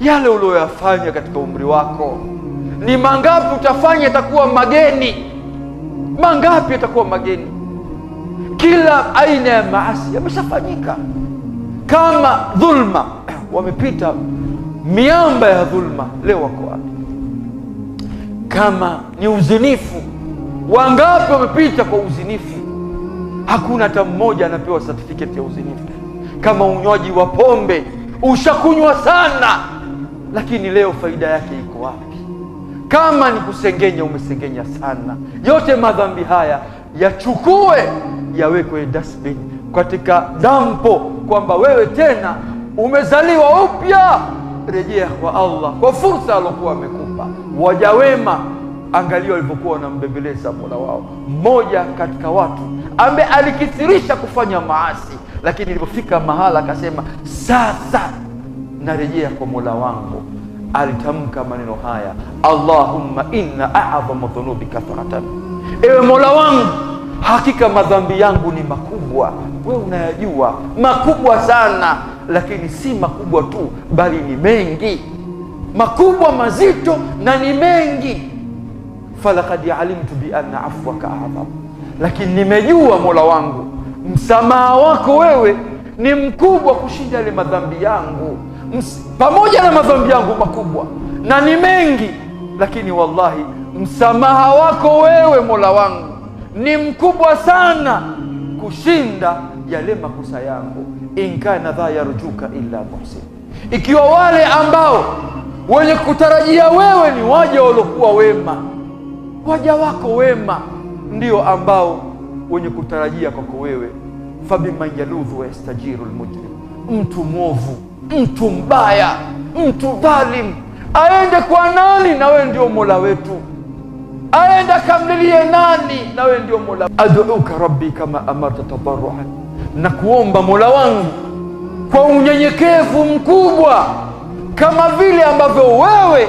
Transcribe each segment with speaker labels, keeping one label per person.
Speaker 1: yale uliyoyafanya katika umri wako. Ni mangapi utafanya yatakuwa mageni? Mangapi yatakuwa mageni? Kila aina ya maasi yameshafanyika kama dhulma, wamepita miamba ya dhulma, leo wako wapi? Kama ni uzinifu, wangapi wamepita kwa uzinifu? Hakuna hata mmoja anapewa satifiketi ya uzinifu. Kama unywaji wa pombe, ushakunywa sana lakini leo faida yake iko wapi? Kama ni kusengenya, umesengenya sana. Yote madhambi haya yachukue, yawekwe dustbin, katika dampo, kwamba wewe tena umezaliwa upya. Rejea kwa Allah kwa fursa aliokuwa amekupa. Waja wema, angalia walivyokuwa wanambembeleza mola wao. Mmoja katika watu ambaye alikithirisha kufanya maasi, lakini ilipofika mahala akasema sasa narejea kwa Mola wangu. Alitamka maneno haya, Allahumma inna a'dhamu dhunubi kathratan, ewe Mola wangu, hakika madhambi yangu ni makubwa, we unayajua makubwa sana, lakini si makubwa tu, bali ni mengi, makubwa mazito na ni mengi. Falakad alimtu bi anna afwaka a'dham, lakini nimejua Mola wangu, msamaha wako wewe ni mkubwa kushinda yale madhambi yangu pamoja na madhambi yangu makubwa na ni mengi, lakini wallahi msamaha wako wewe Mola wangu ni mkubwa sana kushinda yale makosa yangu. inkana dha yarjuka illa muhsin, ikiwa wale ambao wenye kutarajia wewe ni waja waliokuwa wema, waja wako wema ndio ambao wenye kutarajia kwako wewe. fabiman yaludhu wayastajiru lmujrim, mtu mwovu mtu mbaya, mtu dhalim aende kwa nani? Na wewe ndio mola wetu. Aende akamlilie nani? Na wewe ndio mola. Aduuka rabbi kama amarta tabarruan, na kuomba mola wangu kwa unyenyekevu mkubwa kama vile ambavyo wewe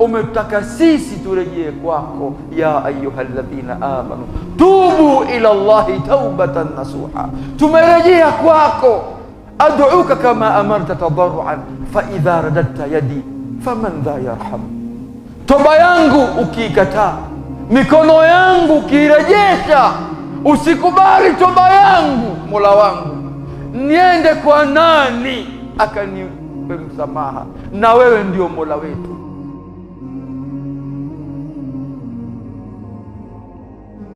Speaker 1: umetaka sisi turejee kwako. ya ayyuhalladhina amanu tubu ila llahi taubatan nasuha, tumerejea kwako ad'uka kama amarta tadaruan faidha radadta yadi faman dha yarham, toba yangu ukiikataa, mikono yangu ukiirejesha, usikubali toba yangu, mola wangu, niende kwa nani akanipe msamaha? Na wewe ndio mola wetu.